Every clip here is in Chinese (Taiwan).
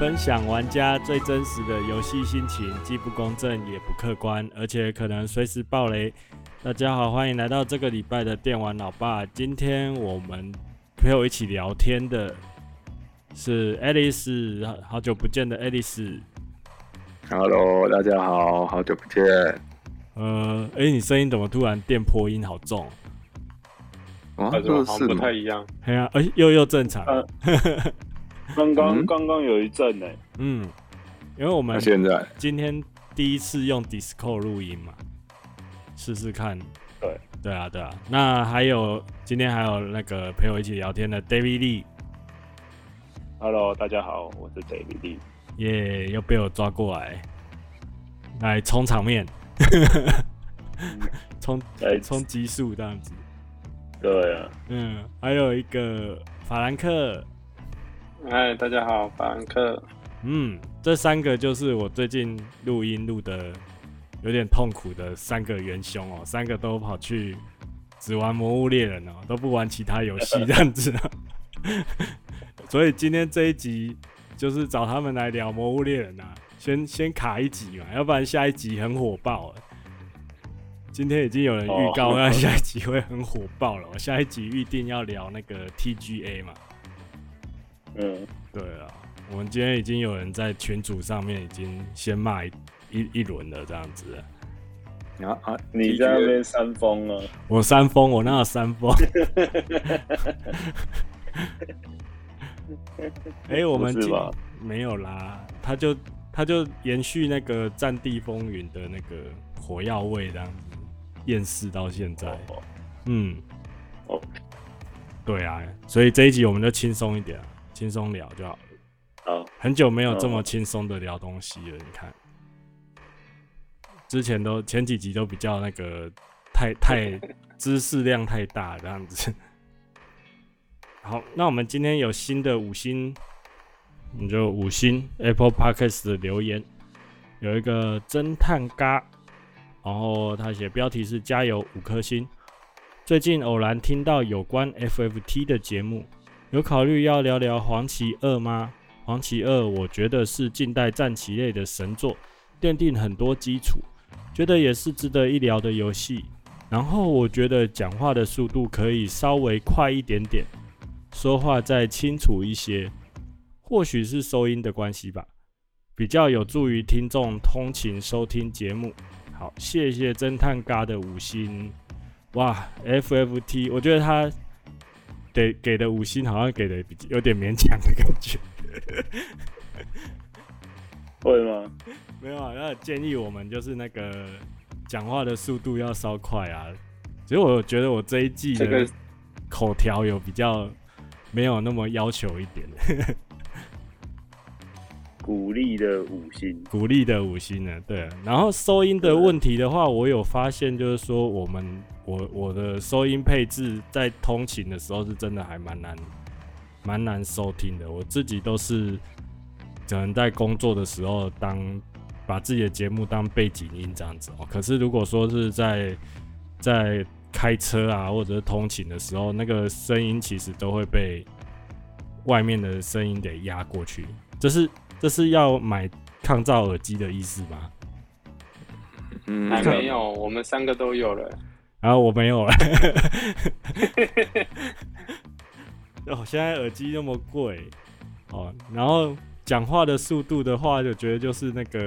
分享玩家最真實的遊戲心情，既不公正也不客觀，而且可能隨時爆雷。大家好，歡迎來到這個禮拜的電玩老爸。今天我們陪我一起聊天的是 Alice，好久不見的 Alice。Hello，大家好，好久不見。呃，哎、欸，你聲音怎麼突然電波音好重？哇，好像不太一樣？哎呀，哎，又又正常。呃 剛剛剛剛有一陣呢、欸，嗯，因為我們今天第一次用 Discord 錄音嘛，試試看。對，對啊，對啊。那還有今天還有那個陪我一起聊天的 David Lee，Hello，大家好，我是 David Lee，耶，yeah, 又被我抓過來，來充場面，充、嗯、 衝來充集數這樣子。對啊，嗯，還有一個法蘭克。嗨，hey, 大家好，凡客克。嗯，這三個就是我最近錄音錄的有點痛苦的三個元兇哦，三個都跑去只玩《魔物獵人》哦，都不玩其他遊戲這樣子，啊。 所以今天這一集就是找他們來聊《魔物獵人》啊，先先卡一集嘛，要不然下一集很火爆了。今天已經有人預告，oh. 下一集會很火爆了，哦，我下一集預定要聊那個 TGA 嘛。嗯，對啊，我們今天已經有人在群組上面已經先罵一一輪了，這樣子啊。啊，你在那邊煽風了。我煽風，我哪有煽風。哎、 欸，我們沒有啦，他就他就延續那個《戰地風雲》的那個火藥味，這樣子，厭世到現在。哦哦嗯，哦，Okay. 對啊，所以這一集我們就輕鬆一點。輕鬆聊就好了。很久沒有這麼輕鬆的聊東西了。你看，之前都前幾集都比較那個太太知識量太大這樣子。好，那我們今天有新的五星，你就五星 Apple Podcast 的留言，有一個偵探嘎，然後他寫標題是“加油五顆星”，最近偶然聽到有關 FFT 的節目。有考慮要聊聊《皇騎二》嗎？《皇騎二》我覺得是近代戰棋類的神作，奠定很多基礎，覺得也是值得一聊的遊戲。然後我覺得講話的速度可以稍微快一點點，說話再清楚一些，或許是收音的關係吧，比較有助於聽眾通勤收聽節目。好，謝謝偵探嘎的五星，哇，FFT，我覺得他。給給的五星好像給的有點勉強的感覺，會嗎？ 沒有啊，那建議我們就是那個講話的速度要稍快啊。其實我覺得我這一季的口條有比較沒有那麼要求一點。 鼓勵的五星，鼓勵的五星呢？對。然後收音的問題的話，嗯、我有發現就是說我們。我我的收音配置在通勤的時候是真的還蠻難，蠻難收聽的。我自己都是可能在工作的時候當把自己的節目當背景音這樣子喔。可是如果說是在在開車啊，或者是通勤的時候，那個聲音其實都會被外面的聲音給壓過去。這，就是這是要買抗噪耳機的意思嗎？嗯、可，還沒有，我們三個都有了。然後、啊、我沒有了，哦， 現在耳機那麼貴哦。然後講話的速度的話，就覺得就是那個，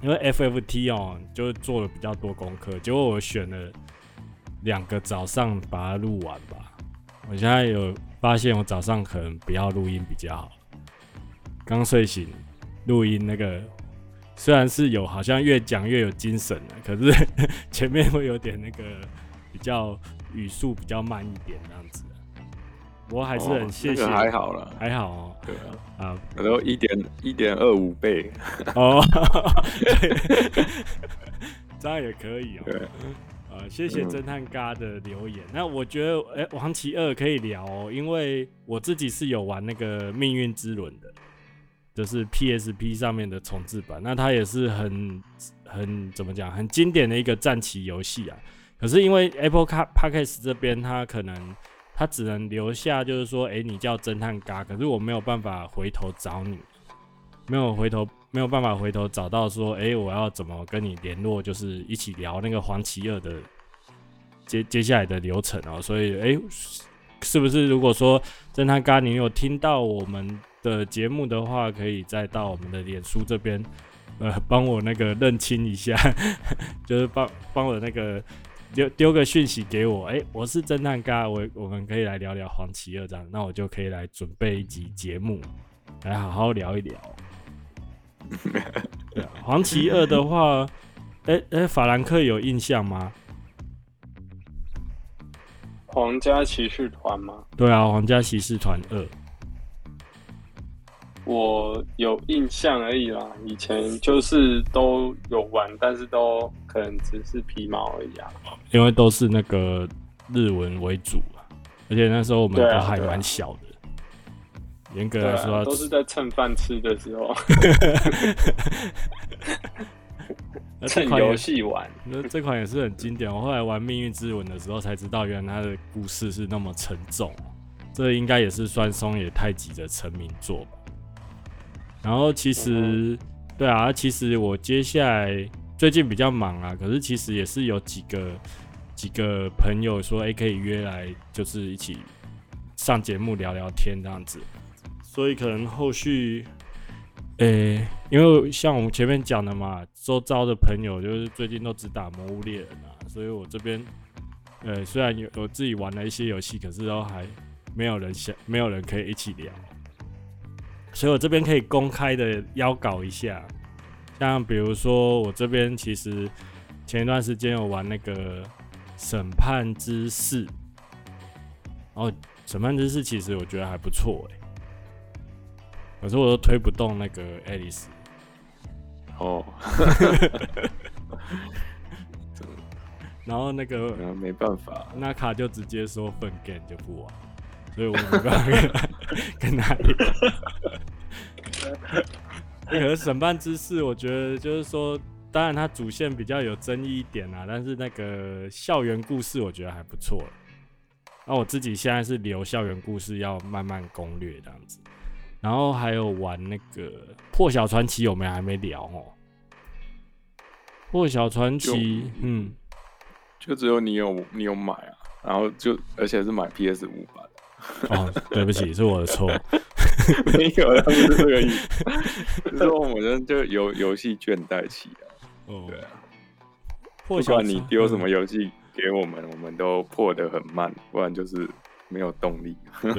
因為 FFT 哦、喔，就做了比較多功課。結果我選了兩個早上把它錄完吧。我現在有發現，我早上可能不要錄音比較好。剛睡醒錄音那個。雖然是有，好像越講越有精神了，可是前面會有點那個比較語速比較慢一點這樣子，我還是很謝謝，哦那個、還好了，還好、哦，對啊，可能一點一點二五倍哦， 這樣也可以哦，呃對、啊，謝謝偵探嘎的留言。嗯、那我覺得，哎、欸，王奇二可以聊，哦，因為我自己是有玩那個命運之輪的。就是 PSP 上面的重置版，那它也是很很怎麼講，很經典的一個戰棋遊戲啊。可是因為 Apple Podcast 這邊，它可能它只能留下，就是說，誒、欸、你叫偵探嘎，可是我沒有辦法回頭找你，沒有回頭，沒有辦法回頭找到說，誒、欸、我要怎麼跟你聯絡，就是一起聊那個黃奇二的接接下來的流程哦、喔。所以，誒、欸，是不是如果說偵探嘎，你有聽到我們？的節目的話，可以再到我們的臉書這邊，呃，幫我那個認清一下，呵呵，就是幫幫我那個丟丟個訊息給我，哎、欸，我是偵探咖，我我們可以來聊聊皇騎二這樣，那我就可以來準備一集節目，來好好聊一聊。 皇騎二的話，哎、欸、哎、欸，法蘭克有印象嗎？皇家騎士團嗎？對啊，皇家騎士團二。我有印象而已啦，以前就是都有玩，但是都可能只是皮毛而已啊。因為都是那個日文為主啊，而且那時候我們都還蠻小的。嚴、啊啊、格來說，都是在蹭飯吃的時候。 趁遊戲玩，那這，這款也是很經典。我後來玩《命運之輪》的時候才知道，原來它的故事是那麼沉重。這應該也是算松野泰己的成名作吧。然後其實，對啊，其實我接下來最近比較忙啊，可是其實也是有幾個幾個朋友說，哎，可以約來，就是一起上節目聊聊天這樣子。所以可能後續，哎，因為像我們前面講的嘛，周遭的朋友就是最近都只打《魔物獵人》啊，所以我這邊，呃，雖然有我自己玩了一些遊戲，可是都還沒有人想，沒有人可以一起聊。所以我這邊可以公開的邀稿一下，像比如說我這邊其實前一段時間有玩那個審判之逝，然後審判之逝其實我覺得還不錯哎、欸，可是我都推不動那個愛麗絲。哦，oh. 然後那個沒辦法，那卡就直接說本 game 就不玩。所以我不知道跟他一樣，可是審判之士，我覺得就是說，當然它主線比較有爭議一點啊，但是那個校園故事我覺得還不錯那、啊、我自己現在是留校園故事要慢慢攻略這樣子，然後還有玩那個破曉傳奇有沒有，我們還沒聊哦。破曉傳奇，就嗯，就只有你有你有買啊，然後就而且是買 PS 五版。 哦，對不起，是我的錯。 沒有，他不是這個意思， 就是我們就遊遊戲倦怠期啊。哦，對啊。破曉、哦，你丟什麼遊戲給我們？嗯、我們都破得很慢，不然就是沒有動力。破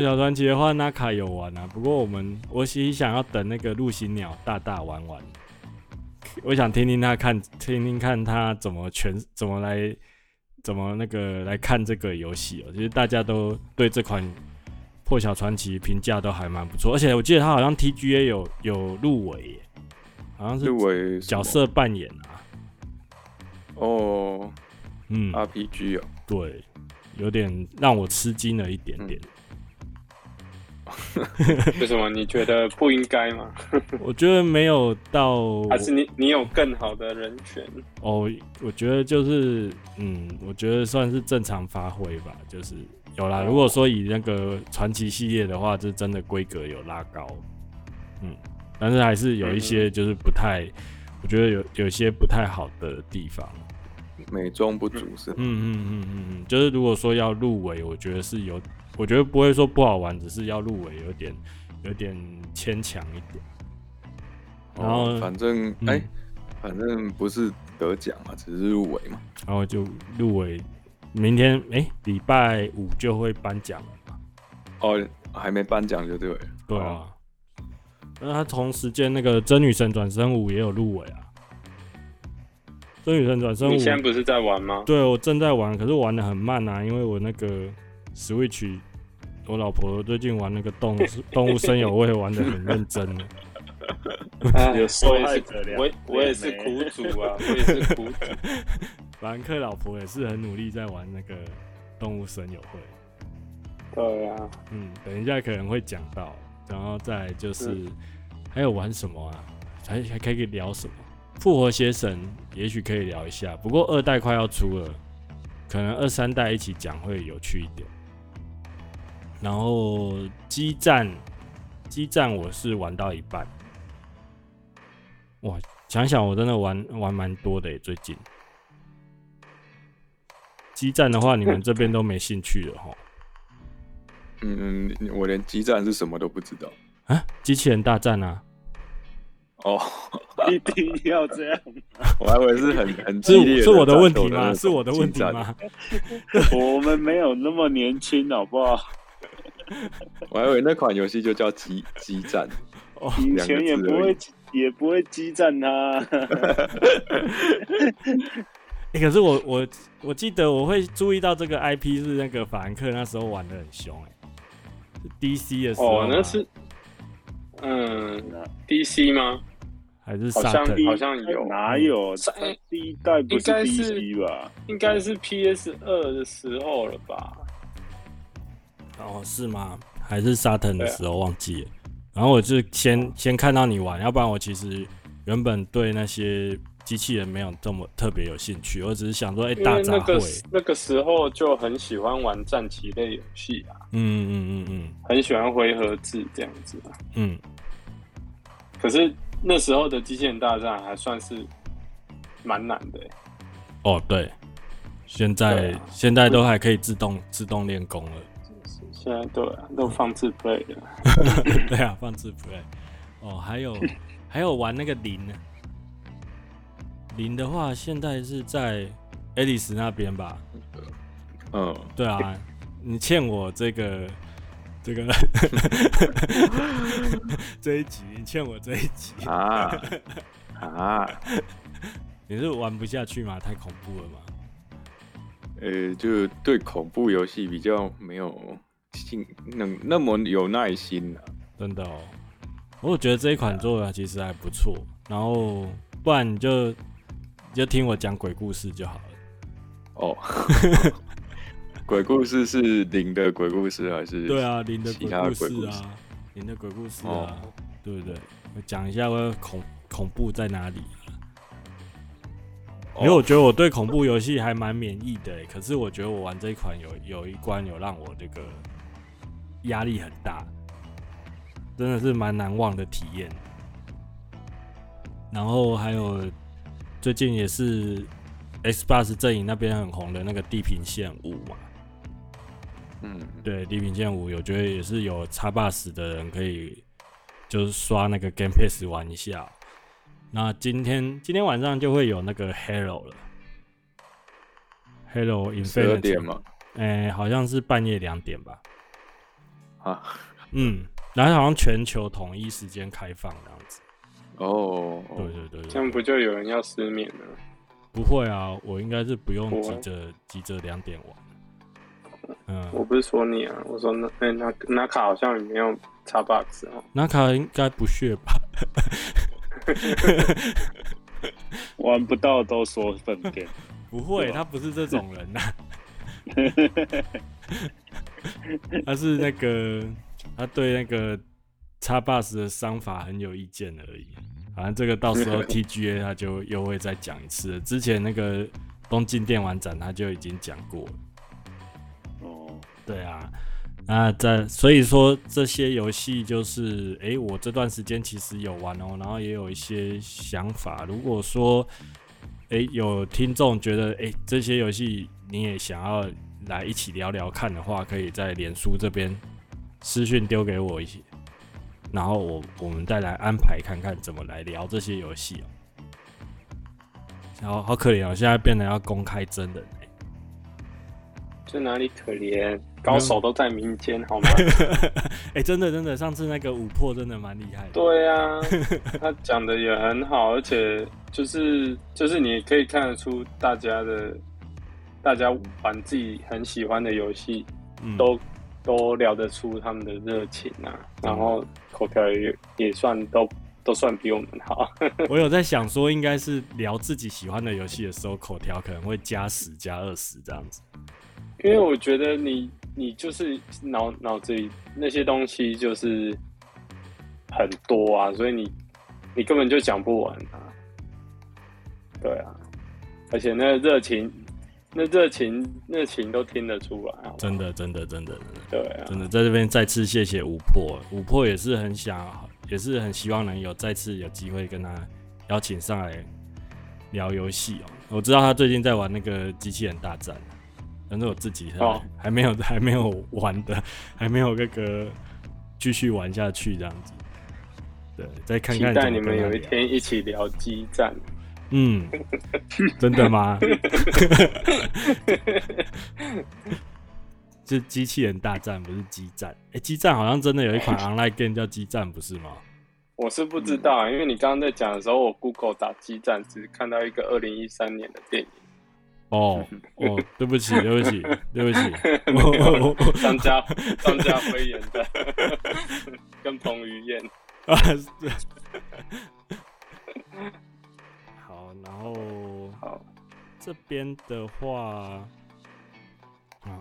曉傳奇的話，那卡有玩啊。不過我們，我其實想要等那個陸行鳥大大玩玩。我想聽聽他看，聽聽看他怎麼全怎麼來。怎麼那個來看這個遊戲哦？其實大家都對這款《破曉傳奇》評價都還蠻不錯，而且我記得他好像 TGA 有有入圍，好像是入圍角色扮演啊？哦、oh, 喔，嗯，RPG 哦，對，有點讓我吃驚了一點點。嗯為 什麼？你覺得不應該嗎？ 我覺得沒有到，還是你你有更好的人選哦？Oh, 我覺得就是嗯，我覺得算是正常發揮吧，就是有啦。Oh. 如果說以那個傳奇系列的話，就真的規格有拉高，嗯，但是還是有一些就是不太，mm hmm. 我覺得有有一些不太好的地方，美中不足是嗯，嗯嗯嗯嗯嗯，就是如果說要入圍，我覺得是有。我覺得不會說不好玩，只是要入圍有點有點牽強一點。然後、哦、反正哎、嗯欸，反正不是得獎嘛、啊，只是入圍嘛。然後就入圍，明天哎禮、欸、拜五就會頒獎了嘛。哦，還沒頒獎就對了。對啊，那、哦、他同時間那個真女神轉生五也有入圍啊。真女神轉生五，你現在不是在玩嗎？對，我正在玩，可是玩的很慢啊，因為我那個 Switch。我老婆最近玩那個動物動物森友會玩的很認真，哈哈哈哈我也是苦主啊，我也 是苦主。蘭克老婆也是很努力在玩那個動物森友會。對啊，嗯，等一下可能會講到，然後再就是,是還有玩什麼啊？還還可以聊什麼？復活邪神也許可以聊一下，不過二代快要出了，可能二三代一起講會有趣一點。然後機戰，機戰我是玩到一半，哇！想想我真的玩玩蠻多的，欸，最近機戰的話，你們這邊都沒興趣了齁。 嗯，我連機戰是什麼都不知道啊！機器人大戰啊？哦，一定要這樣！我還以為是很很這是，我的問題嗎？是我的問題嗎？ 我們沒有那麼年輕，好不好？ 我還以為那款遊戲就叫激激戰，oh, 以前也不會也不會激戰它 ，欸。可是我我我記得我會注意到這個 IP 是那個凡客那時候玩得很兇，欸，DC 的時候哦，oh, 那是嗯啦，DC 嗎？還是好像好像有哪有三 D 一代不是 DC 吧？應該是吧？應該是 PS 二的時候了吧？哦，是嗎？還是沙騰的時候、啊、忘記了？然後我就先、啊、先看到你玩，要不然我其實原本對那些機器人沒有這麼特別有興趣，我只是想說，哎、欸，那個、大雜燴。那個時候就很喜歡玩戰棋類遊戲啊，嗯嗯嗯嗯嗯，嗯嗯嗯很喜歡回合制這樣子、啊。嗯，可是那時候的機器人大戰還算是蠻難的、欸。哦，對，現在、啊、現在都還可以自動、嗯、自動練功了。對啊，對啊，都放置 play 的。 對啊，放置 play。哦，還有還有玩那個零呢。零的話，現在是在 Alice 那邊吧？嗯，對啊， 你欠我這個這個 這一集，你欠我這一集啊啊！啊你是玩不下去嗎？太恐怖了嗎？呃，就對恐怖遊戲比較沒有。能那麼有耐心呢？啊？真的哦。喔，我覺得這一款做的其實還不錯。然後不然你就就聽我講鬼故事就好了。哦， 鬼故事是零的鬼故事還是？對啊，零的其他鬼故事啊，零、啊、的鬼故事啊，對不對？我講一下我恐恐怖在哪裡、啊。因為、哦、我覺得我對恐怖遊戲還蠻免疫的、欸，可是我覺得我玩這一款有有一關有讓我這個。壓力很大，真的是蠻難忘的體驗。然後還有最近也是 Xbox 陣營那邊很紅的那個《地平線五》嘛，嗯，對，《地平線五》我覺得也是有 Xbox 的人可以就是刷那個 Game Pass 玩一下。那今天今天晚上就會有那個 Halo 了，Hello Infinite，十二點嗎？哎、欸，好像是半夜兩點吧。啊，嗯，然後好像全球統一時間開放這樣子，哦，oh, oh. 對，對對對，這樣不就有人要失眠了？不會啊，我應該是不用急着我急着兩點玩。嗯，我不是說你啊，我說那那那卡好像也沒有插 bug 啊，那卡應該不屑吧？ 玩不到都說分點。不會，嗎他不是這種人吶、啊。 他是那個，他對那個叉 bus 的商法很有意見而已。反正這個到時候 TGA 他就又會再講一次。之前那個東京電玩展他就已經講過哦，對啊，那在所以說這些遊戲就是，哎、欸，我這段時間其實有玩哦、喔，然後也有一些想法。如果說，哎、欸，有聽眾覺得，哎、欸，這些遊戲你也想要。來一起聊聊看的話，可以在臉書這邊私訊丟給我一些，然後我我們再來安排看看怎麼來聊這些遊戲、喔。然後好可憐哦、喔，現在變得要公開真人、欸，這哪裡可憐？高手都在民間，嗯、好嗎？哎， 欸、真的真的，上次那個五破真的蠻厲害的，對呀、啊，他講的也很好，而且就是就是你可以看得出大家的。大家玩自己很喜歡的遊戲，嗯、都都聊得出他們的熱情啊，嗯、然後口條也也算都都算比我們好。 我有在想說，應該是聊自己喜歡的遊戲的時候，口條可能會加十加二十這樣子。因為我覺得你你就是腦腦子裡那些東西就是很多啊，所以你你根本就講不完啊。對啊，而且那個熱情。那熱情，那情、個、都聽得出來好好真的，真的，真的，真的，對、啊，真的在這邊再次謝謝五破，五破也是很想，也是很希望能有再次有機會跟他邀請上來聊遊戲哦。我知道他最近在玩那個機器人大戰，反正我自己還沒、哦、還沒有，還沒有玩的，還沒有那個繼續玩下去這樣子。對，再看看期待你們有一天一起聊機戰。嗯，真的嗎？是 機器人大戰，不是激戰。哎、欸，激戰好像真的有一款 Online Game 叫激戰，不是嗎？我是不知道啊，因為你剛剛在講的時候，我 Google 打激戰，只是看到一個二零一三年的電影。哦哦，對不起，對不起， 對不起，張、 哦、家張 家輝演的，跟彭於晏啊。 然後，好這邊的話，啊、哦，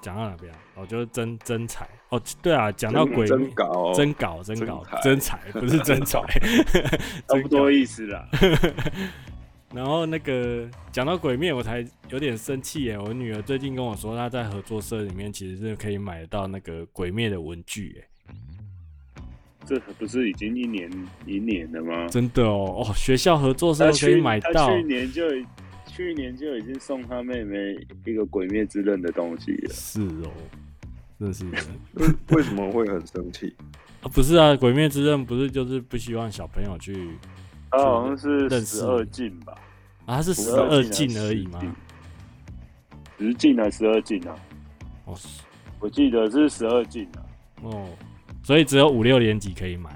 講到哪邊？哦，就是真真彩。哦，對啊，講到鬼真搞真搞真搞真彩台，不是真彩， 真才差不多意思啦。 然後那個講到鬼滅，我才有點生氣耶。我女兒最近跟我說，她在合作社裡面其實是可以買得到那個鬼滅的文具耶。這不是已經一年一年了嗎？真的哦，哦，學校合作是可以買到。去、去年就去年就已經送他妹妹一個《鬼滅之刃》的東西了。是哦，真的是。為 為什麼會很生氣？啊，不是啊，《鬼滅之刃》不是就是不希望小朋友去。他好像是十二禁吧？啊，他是十二禁而已嗎？十禁還是十二禁啊？我、oh. 我記得是十二禁啊。哦。Oh. 所以只有五六年級可以買，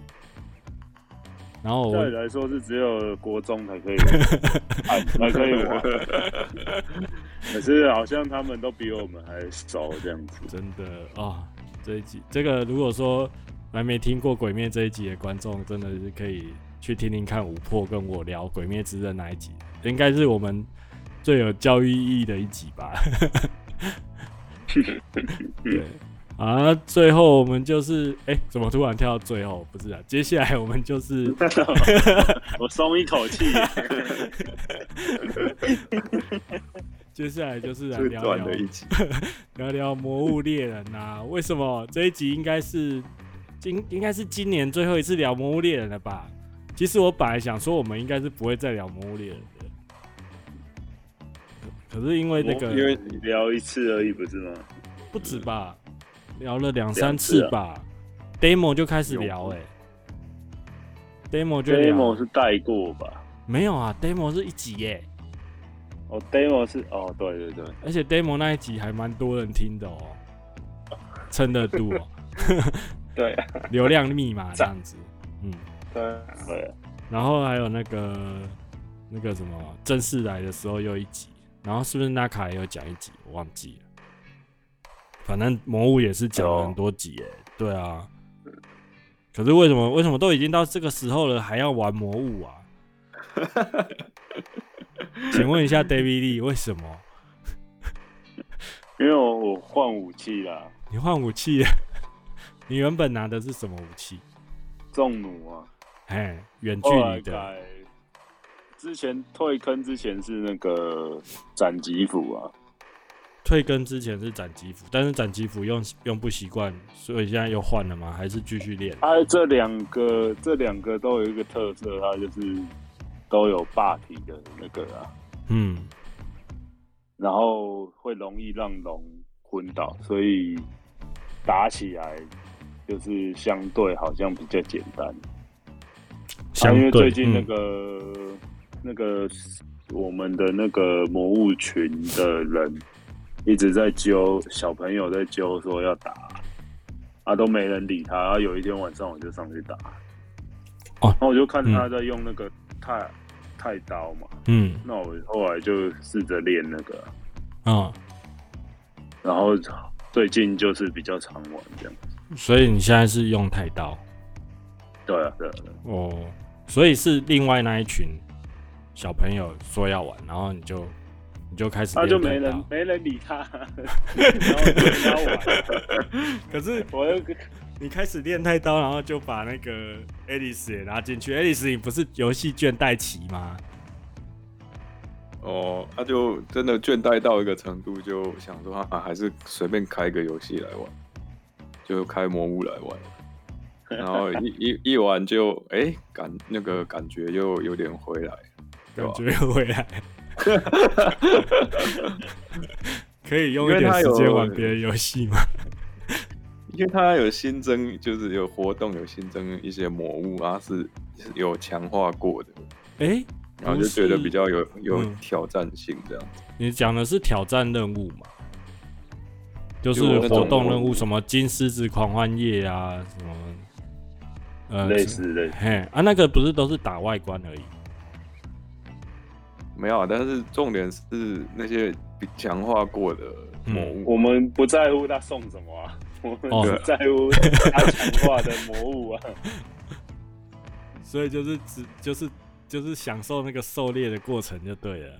然後我對來說是只有國中才可以，還可以玩。可是好像他們都比我們還少這樣子。真的啊、哦，這一集這個如果說還沒聽過《鬼滅》這一集的觀眾，真的是可以去聽聽看五破跟我聊《鬼滅之刃》那一集，應該是我們最有教育意義的一集吧。 啊！最後我們就是哎、欸，怎麼突然跳到最後？不是啊，接下來我們就是 我鬆一口氣。 接下來就是來聊聊，最短的一集 聊聊魔物獵人啊？為什麼這一集應該是今應該是今年最後一次聊魔物獵人了吧？其實我本來想說我們應該是不會再聊魔物獵人的，可是因為那個因為你聊一次而已，不是嗎？不止吧。嗯聊了兩三次吧，啊、demo 就開始聊誒、欸。demo 就 demo 是帶過吧？沒有啊，demo 是一集耶、欸。哦，oh,，demo 是哦，oh, 對對對，而且 demo 那一集還蠻多人聽的哦，撐得住，對，流量密碼這樣子，嗯，對、啊、對、啊。然後還有那個那個什麼，正式來的時候又一集，然後是不是納卡也有講一集？我忘記了。反正魔物也是講了很多集誒，對啊，可是為什麼為什麼都已經到這個時候了，還要玩魔物啊？ 請問一下 David Lee，為什麼？因為我，我換武器了。你換武器？你原本拿的是什麼武器？重弩啊，嘿，遠距離的。之前退坑之前是那個斬擊斧啊。退坑之前是斬擊斧，但是斬擊斧用用不習慣，所以現在又換了嗎？還是繼續練？哎、啊，這兩個，這兩個都有一個特色，它、啊、就是都有霸體的那個啊。嗯。然後會容易讓龍昏倒，所以打起來就是相對好像比較簡單。相對啊、因為最近那個、嗯、那個我們的那個魔物群的人。嗯一直在揪小朋友，在揪說要打，啊，都沒人理他。然後有一天晚上，我就上去打。哦，那我就看他在用那個太、嗯、太刀嘛。嗯。那我後來就試着練那個。啊、嗯。然後最近就是比較常玩這樣。所以你現在是用太刀？對啊，對啊。哦、啊，所以是另外那一群小朋友說要玩，然後你就。你就開始練，他就沒人，沒人理他。可是我又你開始練太刀，然後就把那個 i 艾麗絲也拉進去。艾麗絲，你不是遊戲倦怠期嗎？哦，他、啊、就真的倦怠到一個程度，就想說啊，還是隨便開一個遊戲來玩，就開魔物來玩。然後一 一,一玩就哎、欸、感那個感覺又有點回來，感覺回來。 可以用一點時間玩別的遊戲嗎？因為，因為他有新增，就是有活動，有新增一些魔物啊，是有強化過的，哎、欸，然後就覺得比較有有挑戰性。這樣子，嗯，你講的是挑戰任務嘛？就是活動任務，什麼金獅子狂歡夜啊，什麼，呃，類似類似，啊，那個不是都是打外觀而已。沒有，但是重點是那些比強化過的魔物。嗯、我們不在乎他送什麼，啊，我們只在乎他強化的魔物啊。哦、 所以就是只就是就是享受那個狩獵的過程就對了，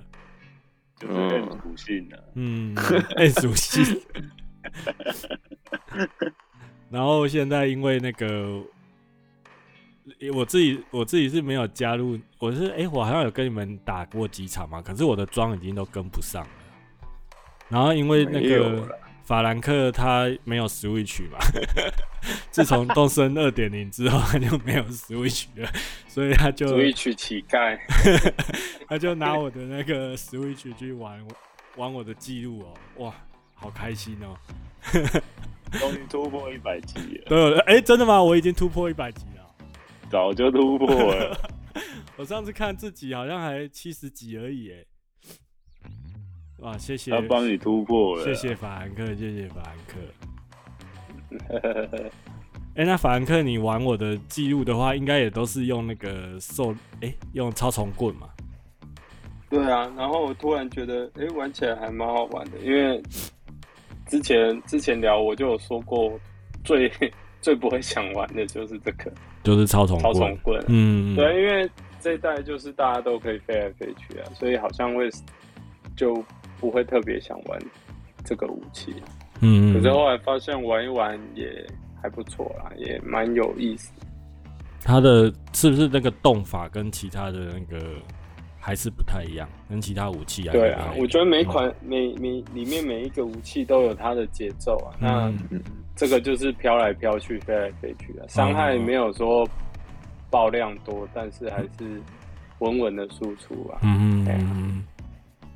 就是很屬性的，啊，嗯，很熟悉。然後現在因為那個。欸、我自己我自己是沒有加入，我是哎、欸，我好像有跟你們打過幾場嘛，可是我的裝已經都跟不上了。然後因為那個法蘭克他沒有 Switch 嘛， 自從動森二點零之後他就沒有 Switch 了，所以他就 Switch 乞丐， 他就拿我的那個 Switch 去玩玩我的記錄哦，哇，好開心哦，終 於突破一百級了，對了，哎、欸，真的嗎？我已經突破一百級了。早就突破了， 我上次看自己好像還七十幾而已，哎，哇，謝謝，他要幫你突破了，謝謝法蘭克，謝謝法蘭克。哎、 欸，那法蘭克，你玩我的記錄的話，應該也都是用那個受，哎、欸，用操蟲棍嘛？對啊，然後我突然覺得，哎、欸，玩起來還蠻好玩的，因為之前之前聊我就有說過最。最不會想玩的就是這個，就是操蟲棍，操蟲棍嗯，對，因為這一代就是大家都可以飛來飛去啊，所以好像會就不會特別想玩這個武器，嗯、嗯，可是後來發現玩一玩也還不錯啦，也蠻有意思。他的是不是那個動法跟其他的那個還是不太一樣，跟其他武器啊。對啊，我覺得每款、嗯、每每裡面每一個武器都有它的節奏啊。嗯、那這個就是飄來飄去、飛來飛去啊，傷害沒有說爆量多，嗯、但是還是穩穩的輸出啊。嗯，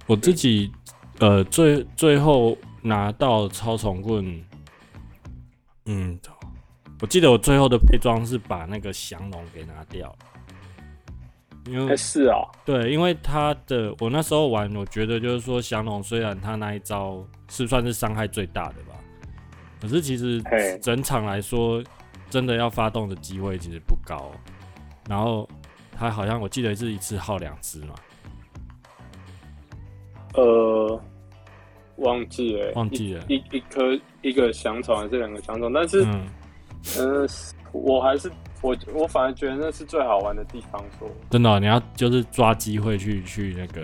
我自己對呃最最後拿到操蟲棍，嗯，我記得我最後的配裝是把那個降龍給拿掉了因為是啊，對，因為他的，我那時候玩，我覺得就是說降龍雖然他那一招是算是傷害最大的吧，可是其實整場來說，真的要發動的機會其實不高。然後他好像我記得是一次耗兩只嘛，呃，忘記了，忘記了一一顆一個翔蟲還是兩個翔蟲但是，呃，我還是。我我反而覺得那是最好玩的地方，說真的、哦，你要就是抓機會去去那個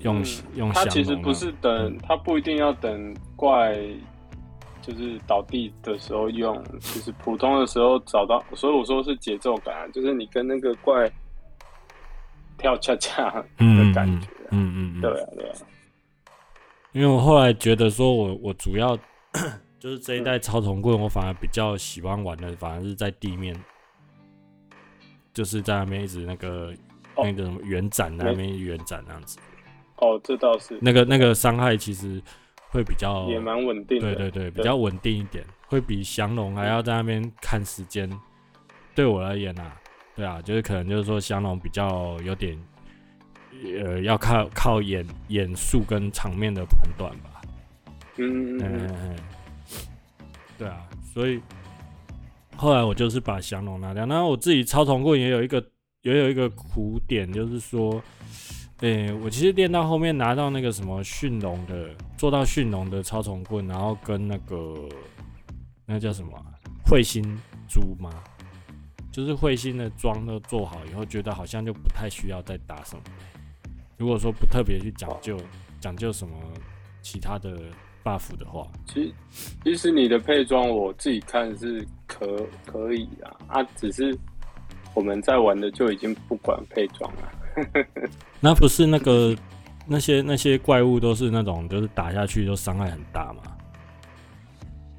用、嗯、用。它其實不是等，它不一定要等怪就是倒地的時候用，其實、嗯、普通的時候找到。所以我說是節奏感，就是你跟那個怪跳恰恰的感覺，嗯嗯，對、嗯、啊、嗯嗯、對啊。對啊，因為我後來覺得說我，我我主要。 就是這一代操蟲棍，我反而比較喜歡玩的，反而是在地面，就是在那邊一直那個那個什麼圓斬，那邊圓斬那樣子。哦，這倒是。那個那個傷害其實會比較也蠻穩定，對對對，對，比較穩定一點，會比降龍還要在那邊看時間。對我而言吶、啊，對啊，就是可能就是說降龍比較有點，呃，要靠靠眼，眼速跟場面的判斷吧、哎。嗯嗯，嗯嗯嗯。對啊，所以後來我就是把降龍拿掉。然後我自己操蟲棍也有一個也有一個苦點，就是說，誒、欸，我其實練到後面拿到那個什麼迅龍的，做到迅龍的操蟲棍，然後跟那個那叫什麼會心珠嗎？就是會心的裝都做好以後，覺得好像就不太需要再打什麼。如果說不特別去講究講究什麼其他的，buff 的話，其實其實你的配裝我自己看是可可以啊，啊，只是我們在玩的就已經不管配裝了。 那不是那個那些那些怪物，都是那種就是打下去都傷害很大嘛？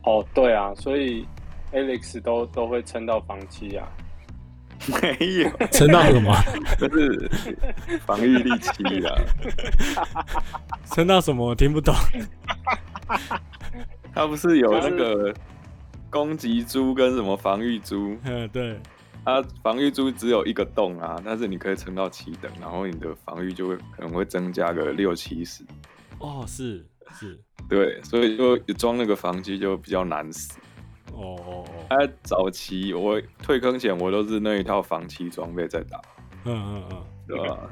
哦，對啊，所以 Alex 都都會撐到防七啊，沒有 撐到什麼， 就是防禦力七啊， 撐到什麼？我聽不懂。 他不是有那個攻擊珠跟什麼防禦珠？嗯，對。他、啊、防禦珠只有一個洞啊，但是你可以撐到七等，然後你的防禦就會可能會增加個六七十。哦，是是，對，所以說裝那個防具就比較難死。哦哦哦！哎、啊，早期我退坑前我都是那一套防具裝備在打，嗯嗯嗯，對吧？嗯、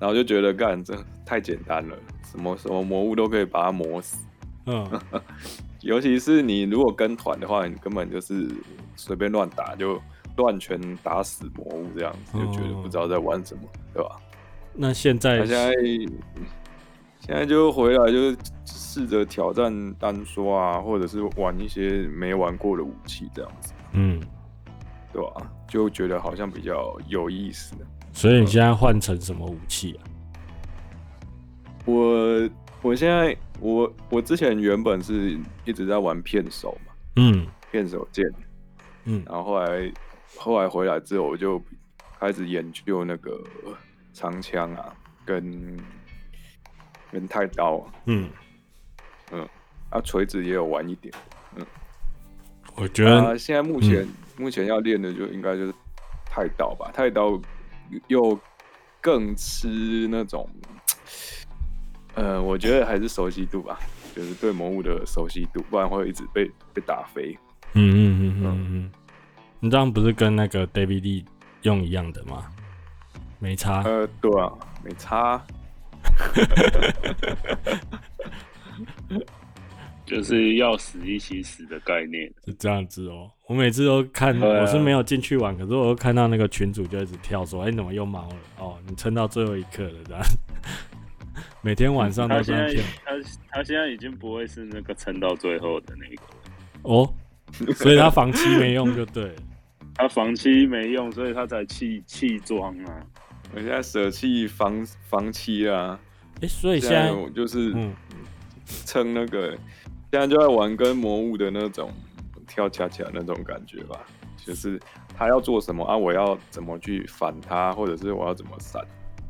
然後就覺得幹這太簡單了，什麼什麼魔物都可以把它磨死。嗯，哦、 尤其是你如果跟團的話，你根本就是隨便亂打，就亂拳打死魔物這樣子，哦、就覺得不知道在玩什麼，對吧？那現在現在現在就回來，就是試着挑戰單刷、啊，或者是玩一些沒玩過的武器這樣子。嗯，對吧？就覺得好像比較有意思。所以你現在換成什麼武器啊？嗯、我我現在。我我之前原本是一直在玩片手嘛，嗯，片手劍，嗯，然後後來後來回來之後我就開始研究那個長槍啊跟跟太刀、啊，嗯嗯，啊錘子也有玩一點，嗯，我覺得、啊、現在目前、嗯、目前要練的就應該就是太刀吧，太刀又更吃那種。呃，我覺得還是熟悉度吧，就是對魔物的熟悉度，不然會一直被被打飛。嗯嗯嗯嗯嗯，嗯嗯嗯你這樣不是跟那個 David Lee 用一樣的嗎？沒差。呃，對啊，沒差。 就是要死一起死的概念是這樣子哦、喔。我每次都看，啊、我是沒有進去玩，可是我都看到那個群主就一直跳說：“哎、欸，你怎麼又忙了？哦、喔，你撐到最後一刻了這樣，對吧？”每天晚上都在跳，嗯、他現在他，他現在已經不會是那個撐到最後的那一個了哦，所以他防期沒用就對， 他防期沒用，所以他才棄棄裝啊，嗯、我現在捨棄防防期啊，哎、欸，所以現在，現在就是嗯撐那個、欸，嗯、現在就在玩跟魔物的那種跳恰恰的那種感覺吧，就是他要做什麼啊，我要怎麼去反他，或者是我要怎麼閃。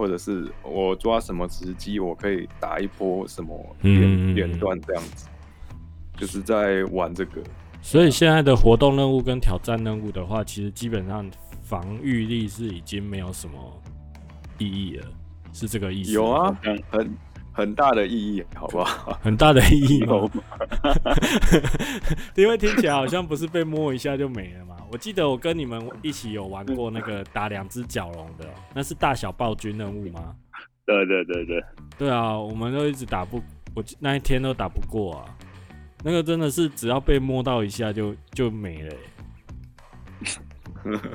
或者是我抓什麼時機，我可以打一波什麼連，嗯，連段這樣子，就是在玩這個。所以現在的活動任務跟挑戰任務的話，其實基本上防禦力是已經沒有什麼意義了，是這個意思嗎？有啊，很很大的意義，好不好？很大的意義哦，因為聽起來好像不是被摸一下就沒了嘛。我記得我跟你們一起有玩過那個打兩只角龍的，那是大小暴君任務嗎？對對對對，對啊，我們都一直打不，我那一天都打不過啊。那個真的是只要被摸到一下就就沒了。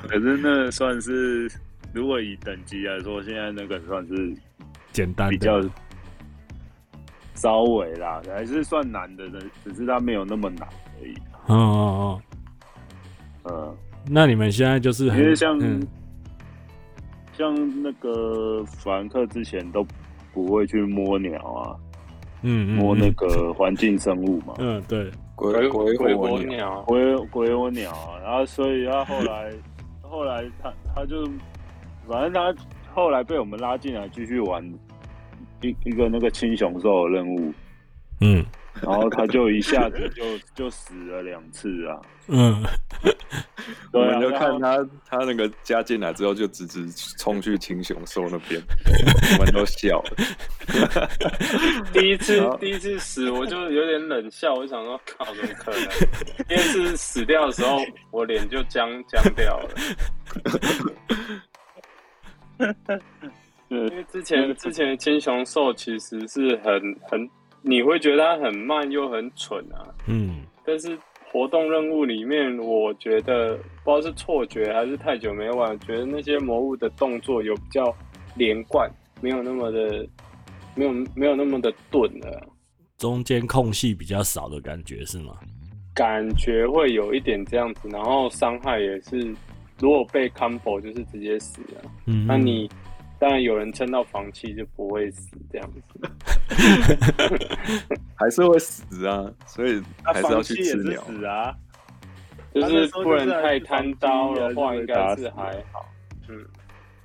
可是那算是，如果以等級來說，現在那個算是比較簡單。稍微啦，還是算難的呢，只是它沒有那麼難而已。嗯嗯嗯，那你們現在就是很，因為像、嗯、像那個法蘭克之前都不會去摸鳥啊，嗯，嗯嗯摸那個環境生物嘛，嗯，對，鬼鬼鬼火鳥，鬼鬼火鳥、啊，然後所以他後來 後來他他就反正他後來被我們拉進來繼續玩。一一個那個青熊獸的任務，嗯，然後他就一下子就就死了兩次啊，嗯，對我們就看他後他那個加進來之後就直直衝去青熊獸那邊，我們都笑了， 後第一次第一次死我就有點冷笑，我想說靠怎麼可能？第二次死掉的時候我臉就僵僵掉了。 之前之前的青熊獸其實是很很，你會覺得它很慢又很蠢啊。嗯，但是活動任務裡面，我覺得不知道是錯覺還是太久沒玩，覺得那些魔物的動作有比較連貫，沒有那麼的沒有沒有那麼的鈍了，中間空隙比較少的感覺是嗎？感覺會有一點這樣子，然後傷害也是，如果被 combo 就是直接死了。嗯，嗯，那你。當然有人撐到房契就不會死這樣子， 還是會死啊，所以還是要去治療啊。就是不能太貪刀的話，應該是，是，是還好。嗯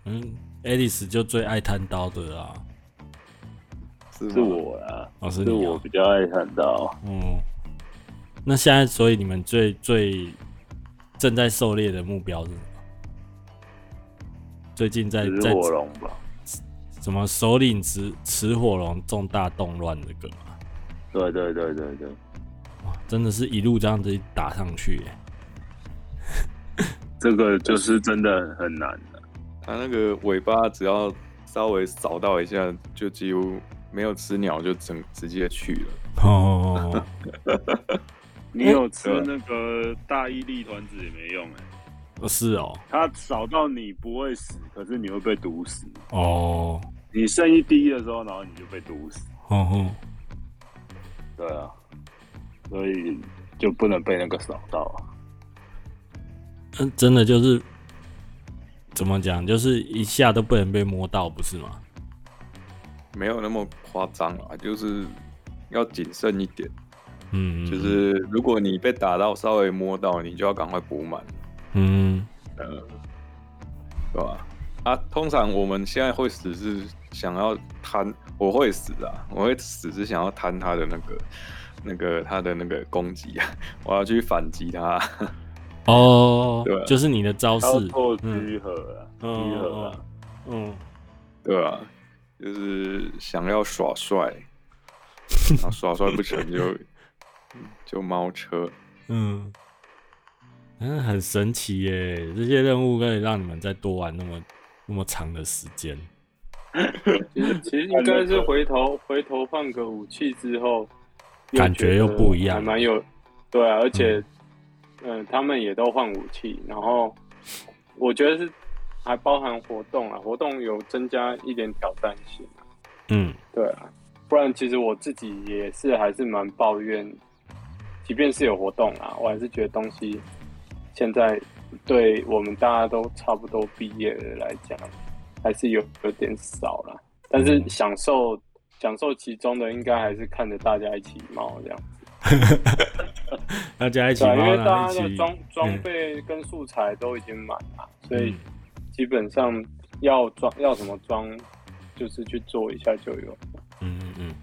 嗯，愛麗絲就最愛貪刀的啦，啊，是我啦，哦，老師，啊，是我比較愛貪刀。嗯，那現在所以你們最最正在狩獵的目標是什麼？最近在,在,在火龍吧，什麼首領雌雌火龍重大動亂的歌，對對對對對,對，哇，真的是一路這樣子打上去、欸，這個就是真的很難的、啊。它 那個尾巴只要稍微掃到一下，就幾乎沒有吃鳥，就整直接去了。哦,哦，哦哦、 你有吃、哦、那個大伊利糰子也沒用哎、欸。不是哦，他掃到你不會死，可是你會被毒死。哦，oh. 你剩一滴的時候，然後你就被毒死。哦。哼，對啊，所以就不能被那個掃到啊。嗯，真的就是，怎麼講，就是一下都不能被摸到，不是嗎？沒有那麼誇張啊，就是要謹慎一點。嗯，就是如果你被打到稍微摸到，你就要趕快補滿。嗯，呃，對吧、啊？啊，通常我們現在會死是想要貪，我會死啊，我會死是想要貪他的那個、那個他的那個攻擊啊，我要去反擊他。 哦，對、啊，就是你的招式，居合啊、嗯，嗯、啊，嗯、哦，哦、對啊。就是想要耍帥，嗯、然後耍帥不成就 就貓車，嗯。很神奇耶！這些任務可以讓你們再多玩那麼那麼長的時間。其實其實應該是回頭回頭換個武器之後，感覺又不一樣，還蠻有，對啊，而且嗯，嗯，他們也都換武器，然後我覺得是還包含活動啊。活動有增加一點挑戰性。嗯，對啊，不然其實我自己也是還是蠻抱怨，即便是有活動啊，我還是覺得東西。現在，對我們大家都差不多畢業了來講，還是有有點少了。但是享受、嗯、享受其中的，應該還是看着大家一起冒這樣子。 大家一起，一起， 因為大家的裝裝備跟素材都已經滿了，所以基本上要裝要什麼裝，就是去做一下就有。嗯嗯嗯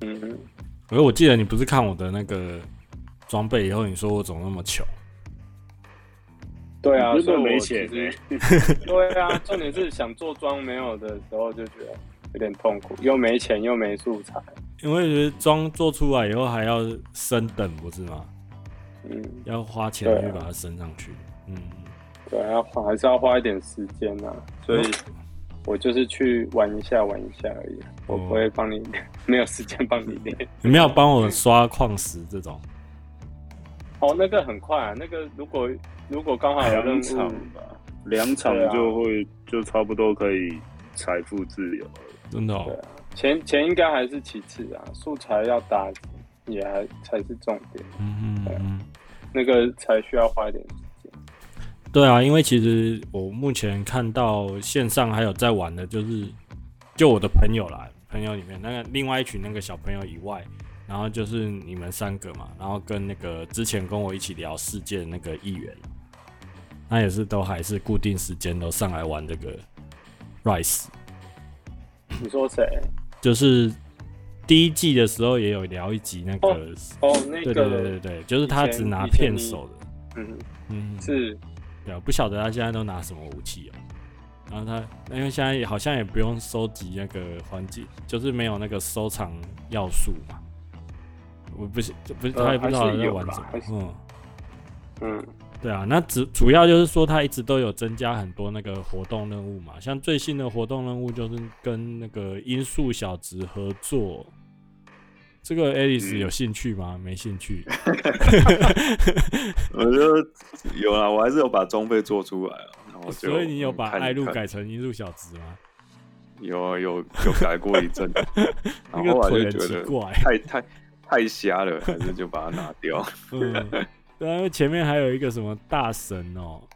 嗯。而、嗯嗯、我記得你不是看我的那個裝備以後，你說我怎麼那麼窮？對啊，所以沒錢。對啊，重點是想做裝沒有的時候就覺得有點痛苦，又沒錢又沒素材，因為覺得裝做出來以後還要升等不是嗎？嗯，要花錢去把它升上去。啊、嗯，對、啊，要還是要花一點時間啊。所以，我就是去玩一下玩一下而已，哦、我不會幫你練，沒有時間幫你練。你沒有幫我刷礦石這種？哦，那個很快啊，那個如果如果剛好有兩場吧，兩、啊、場就會就差不多可以財富自由了，真的、哦、對啊，錢錢應該還是其次啊，素材要打也還才是重點。嗯嗯哼、啊，那個才需要花一點時間。對啊，因為其實我目前看到線上還有在玩的，就是就我的朋友啦，朋友裡面那個另外一群那個小朋友以外。然後就是你們三個嘛，然後跟那個之前跟我一起聊世界那個議員，他也是都還是固定時間都上來玩這個 Rise。你說誰？就是第一季的時候也有聊一集那個哦，哦，那個對對對對對，就是他只拿片手的，嗯嗯是，嗯對啊，不曉得他現在都拿什麼武器哦。然後他因為現在也好像也不用收集那個環節，就是沒有那個收藏要素嘛。我不是，不是他也不知道在玩什麼，嗯，嗯對啊，那只主要就是說他一直都有增加很多那個活動任務嘛，像最新的活動任務就是跟那個音速小子合作，這個愛麗絲有興趣嗎？嗯、沒興趣， 我就有啊，我還是有把裝備做出來了，所以你有把艾路看看改成音速小子嗎？有啊，有有改過一陣， 然後我也覺得太太。太瞎了，還是就把它拿掉。 嗯、對啊，因為前面還有一個什麼大神哦、喔，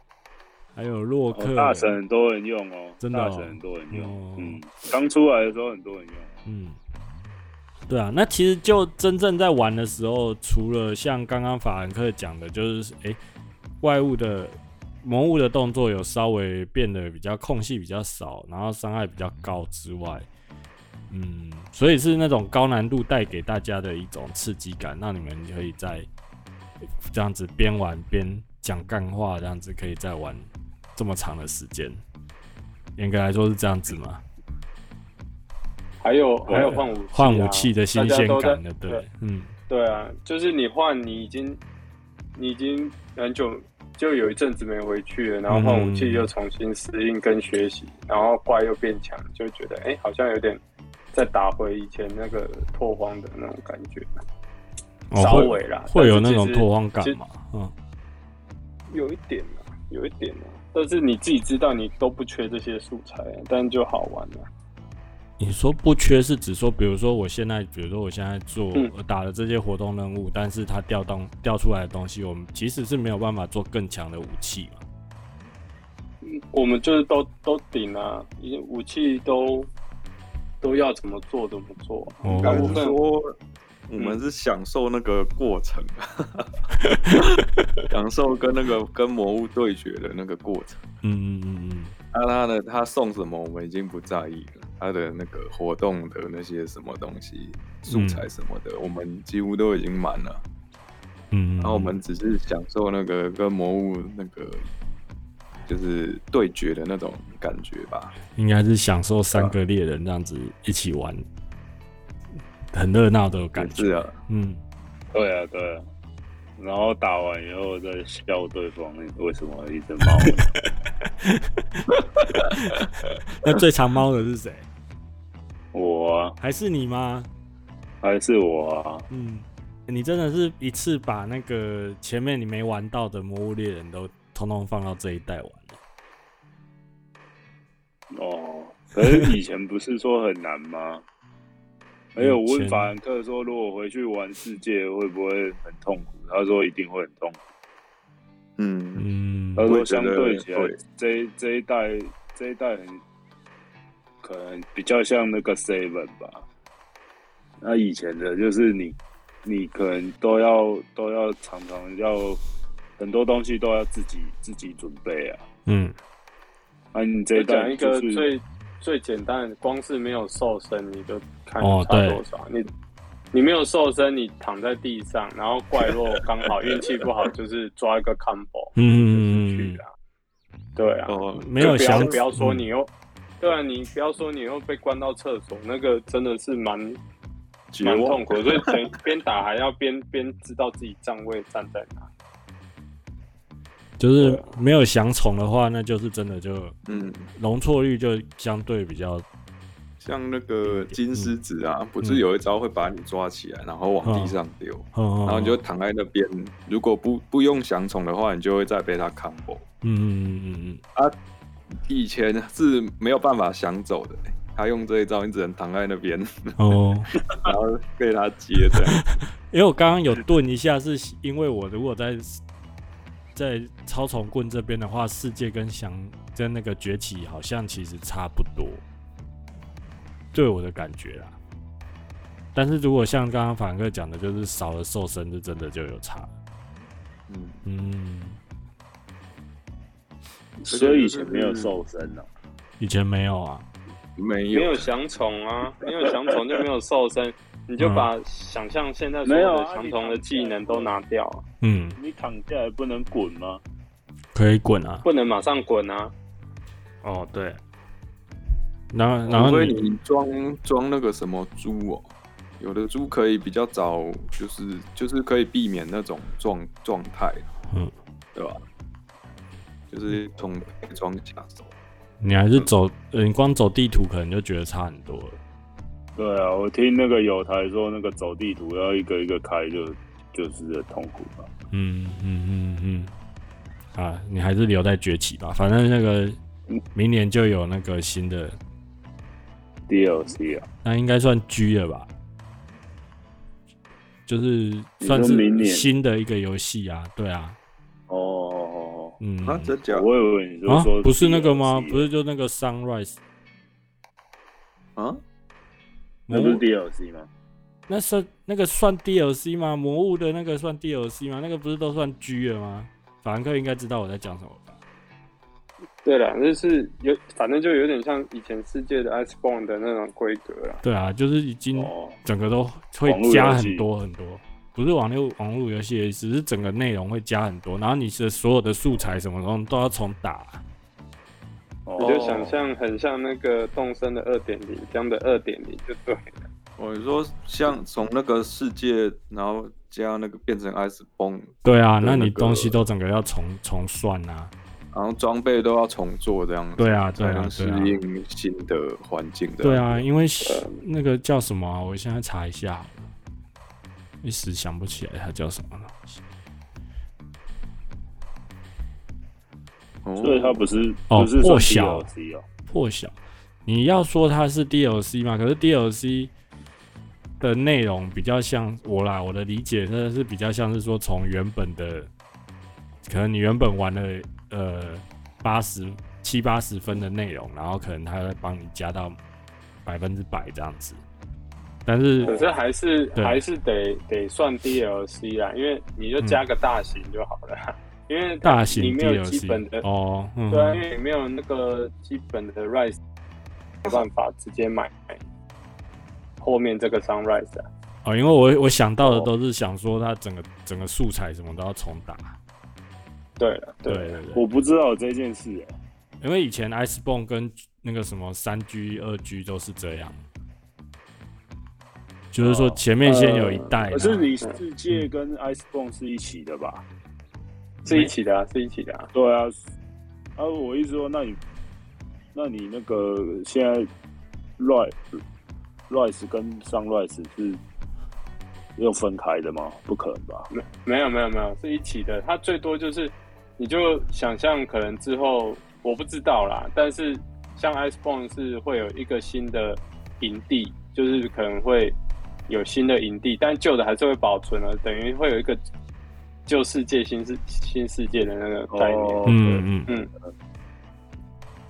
還有洛克、喔、大神，很多人用哦，真的，大神很多人用、喔。喔、人用嗯，剛出來的時候很多人用。嗯，對啊，那其實就真正在玩的時候，除了像剛剛法蘭克講的，就是哎、欸，怪物的、魔物的動作有稍微變得比較空隙比較少，然後傷害比較高之外。嗯，所以是那種高難度帶給大家的一種刺激感，讓你們可以在這樣子邊玩邊講幹話，這樣子可以再玩這麼長的時間。嚴格來說是這樣子嗎？還有還有換武器換、啊、武器的新鮮感的對，對，嗯，對啊，就是你換你已經你已經很久就有一陣子沒回去了，然後換武器又重新適應跟學習，嗯、哼然後怪又變強，就覺得哎、欸，好像有點。再打回以前那個拓荒的那種感覺、啊，哦、稍微啦，會有那種拓荒感嘛，嗯，有一點啦，有一點啦，但是你自己知道，你都不缺這些素材、啊，但就好玩了、啊。你說不缺是指說，比如說我現在，比如說我現在做我、嗯、打的這些活動任務，但是它調動掉出來的東西，我們其實是沒有辦法做更強的武器嘛。嗯，我們就是都都頂啊，一些武器都。都要怎麼做、啊，都不做。那我們說，我們是享受那個過程，嗯、 享受跟那個跟魔物對決的那個過程。嗯嗯嗯嗯，那、啊、他的他送什麼？我們已經不在意了。他的那個活動的那些什麼東西、素材什麼的，嗯嗯我們幾乎都已經滿了。嗯，嗯，嗯，然後、啊、我們只是享受那個跟魔物那個。就是對決的那種感覺吧，應該是享受三個獵人這樣子一起玩，啊、很熱鬧的感覺、啊、嗯，對啊，對啊，然後打完以後再笑對方為什麼一直貓。那最常貓的是誰？我、啊、還是你嗎？還是我、啊？嗯、欸，你真的是一次把那個前面你沒玩到的魔物獵人都通通放到這一代玩。哦，可是以前不是說很難嗎？沒有 我問法蘭克說，如果回去玩世界會不會很痛苦？他說一定會很痛苦。嗯，嗯，他說相對起來，這這一代這一代很可能比較像那個 seven 吧。那以前的就是你你可能都要都要常常要很多東西都要自己自己準備啊。嗯。啊你你、就是，你講一個最最簡單的，光是沒有受身，你就看你差多少？哦、你你沒有受身，你躺在地上，然後怪落剛好運氣不好，就是抓一個 combo， 嗯嗯去、嗯、啊、嗯，對啊，哦、沒有想不要不要說你又，對啊，你不要說你又被關到廁所，那個真的是蠻蠻痛苦的，所以邊打還要邊邊知道自己站位站在哪。就是沒有翔蟲的話，那就是真的就，嗯，容錯率就相對比較，嗯、像那個金獅子啊，嗯、不是有一招會把你抓起來，嗯、然後往地上丟，哦、然後你就躺在那邊。嗯、如果不不用翔蟲的話，你就會再被他 combo，嗯。嗯嗯嗯嗯，他、啊、以前是沒有辦法翔走的，欸，他用這一招，你只能躺在那邊哦， 然後被他接着。因為， 欸、我剛剛有頓一下，是因為我如果在。在操蟲棍這邊的話，世界跟想跟那個崛起好像其實差不多，對我的感覺啊。但是如果像剛剛凡哥講的，就是少了受身，就真的就有差。嗯，嗯，所以以前沒有受身哦、啊，以前沒有啊，沒有沒有翔蟲啊，沒有 翔蟲就沒有受身。你就把想象現在所有的相同的技能都拿掉。嗯。嗯，你躺下來不能滾嗎？可以滾啊。不能馬上滾啊。哦，對。然後，然後你裝裝那個什麼豬哦、喔，有的豬可以比較早，就是就是可以避免那種狀狀態。嗯，對吧、啊？就是從裝甲走。你還是走、嗯呃，你光走地圖可能就覺得差很多了。對啊，我聽那個有台說，那個走地圖要一個一個開就，就就是很痛苦吧嗯嗯嗯嗯，啊，你還是留在崛起吧，反正那個明年就有那個新的 DLC 啊，嗯、那應該算 G 了吧？就是算是新的一個遊戲啊，對啊。哦，哦哦嗯啊，真假？我以為你是說不是那個嗎？不是就那個 Sunrise 啊？那是不是 DLC 嗎？那是那個算 DLC 嗎？魔物的那個算 DLC 嗎？那個不是都算 G 了嗎？法蘭克應該知道我在講什麼吧？對啦，就是有，反正就有點像以前世界的 Iceborn 的那種規格了。對啊，就是已經整個都會加很多很多，不是網絡網絡遊戲而已，只是整個內容會加很多，然後你的所有的素材什麼什麼都要重打。我就想象很像那個《動森》的二點零，這樣的二點零就對了。我、哦、說像從那個世界，然後加那個變成 Iceborne。One, 對啊，那個、那你東西都整個要重重算啊，然後裝備都要重做這樣子對、啊。對啊，這樣適應新的環境對、啊對啊。對啊，因為那個叫什麼、啊？我現在查一下，一時想不起來、欸、它叫什麼了。所以它不是哦，是破曉。破曉，你要說它是 DLC 嗎？可是 DLC 的內容比較像我啦，我的理解它是比較像是說從原本的，可能你原本玩了呃八十七八十分的內容，然後可能它會幫你加到百分之百這樣子。但是可是還是對還是得得算 DLC 啦，因為你就加個大型、嗯、就好了。因為大型沒有基本的 DLC, 對哦，對、嗯，因為沒有那個基本的 Rise，沒辦法直接買 後面這個 Sunrise 啊。哦，因為我我想到的都是想說它整個整個素材什麼都要重打。對了，對了，對了，我不知道這件事。因為以前 Iceborne 跟那個什麼三 G 二 G 都是這樣，就是說前面先有一代。可、哦呃啊、是你世界跟 Iceborne 是一起的吧？嗯是一起的啊，沒有是一起的啊。對啊，啊，我意思說，那你，那你那個現在，rise，rise 跟 sunrise 是沒有分開的嗎？不可能吧？沒，沒有，沒有，沒有，是一起的。它最多就是，你就想象可能之後，我不知道啦。但是像 Iceborne 是會有一個新的營地，就是可能會有新的營地，但舊的還是會保存了，等於會有一個。舊世界新、新世新世界的那個概念，嗯嗯、哦、嗯。嗯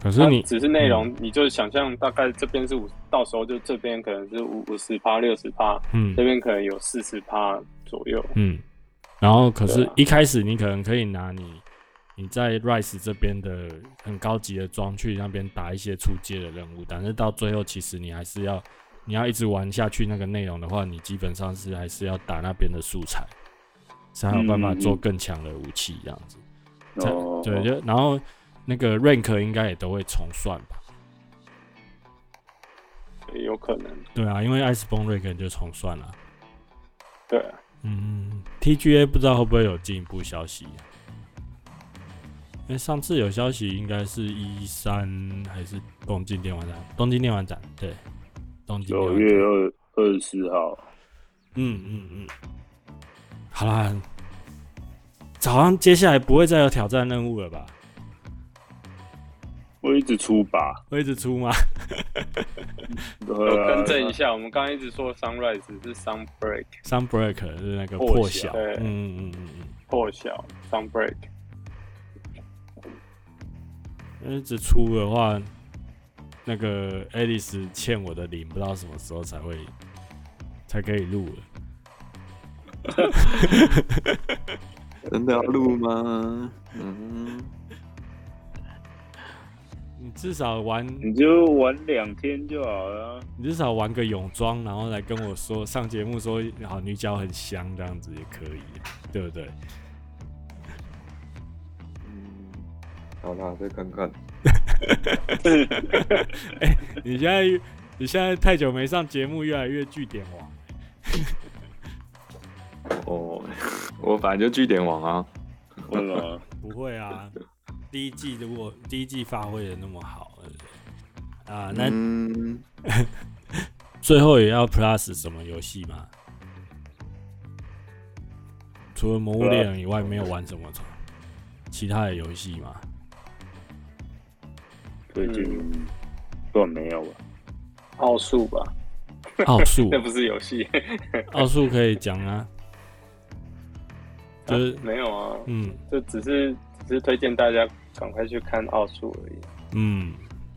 可是你只是內容，嗯、你就想象大概這邊是五，到時候就這邊可能是五五十趴六十趴，60嗯，這邊可能有四十趴左右，嗯。然後，可是一開始你可能可以拿你、啊、你在 Rise 這邊的很高級的裝去那邊打一些初階的任務，但是到最後，其實你還是要你要一直玩下去那個內容的話，你基本上是還是要打那邊的素材。才有辦法做更強的武器，這樣子。對，就然後那個 rank 應該也都會重算吧。有可能。對啊，因為 Iceborne rank 就重算了。對。嗯。TGA 不知道會不會有進一步消息？因為上次有消息，應該是 E3 還是東京電玩展？東京電玩展，對。九月二二十四號。嗯嗯嗯，嗯。嗯好啦，早上接下來不會再有挑戰任務了吧？會一直出吧？會一直出嗎？我、 啊、更正一下，像我們剛剛一直說 sunrise 是 sunbreak，sunbreak sun 是那個破曉。對破曉嗯嗯嗯，破曉 sunbreak。那一直出的話，那個愛麗絲欠我的零，不知道什麼時候才會才可以錄了。 真的要錄嗎？嗯，你至少玩，你就玩兩天就好了、啊。你至少玩個泳裝，然後來跟我說上節目說好，女角很香，這樣子也可以，對不對？嗯，好了，再看看。哎、 欸，你現在你現在太久沒上節目，越來越句點王。我反正就句點王啊，對了 不會啊，第一季如果第一季發揮的那麼好是不是，啊，那、嗯、 最後也要 Plus 什麼遊戲嗎？除了《魔物獵人》以外，沒有玩什麼,什麼其他的遊戲嗎？最近都沒有了，奧數吧？奧數這不是遊戲，奧數術 可以講啊。 啊、沒有啊，嗯，就只是只是推薦大家趕快去看奧術而已。嗯，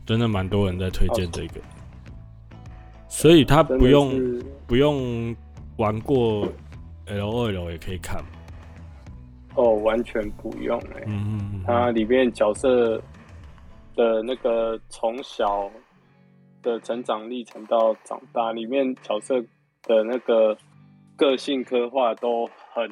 真的蠻多人在推薦這個，奧術。所以他不用不用玩過 LOL 也可以看。哦，完全不用哎、欸，嗯嗯，它裡面角色的那個從小的成長歷程到長大，裡面角色的那個個性刻畫都很。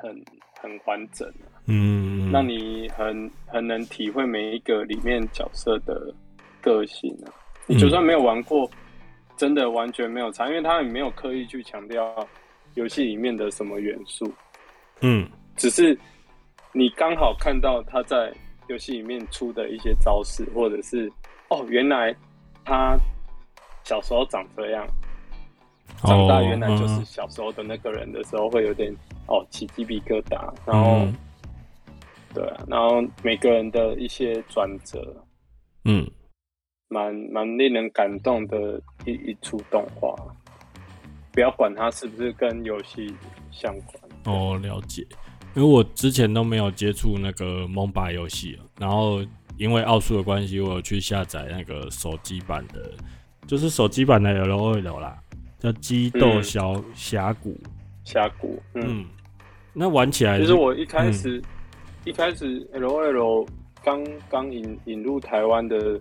很很完整啊，嗯，讓你很很能體會每一個裡面角色的個性啊。你，嗯，就算沒有玩過，真的完全沒有差，因為他沒有刻意去強調遊戲裡面的什麼元素，嗯，只是你剛好看到他在遊戲裡面出的一些招式，或者是哦，原來他小時候長這樣。長大原來就是小時候的那個人的時候，會有點哦、嗯、哦起雞皮疙瘩，然後、嗯、對啊，然後每個人的一些轉折，嗯，蠻蠻令人感動的一一出動畫，不要管它是不是跟遊戲相關。哦，了解，因為我之前都沒有接觸那個 MOBA 遊戲，然後因為奧數的關係，我有去下載那個手機版的，就是手機版的 LOL 啦。叫激鬥小峽谷，峽、嗯、谷，嗯，嗯，那玩起來是，其實我一開始、嗯、一開始 LOL 剛剛引引入台灣的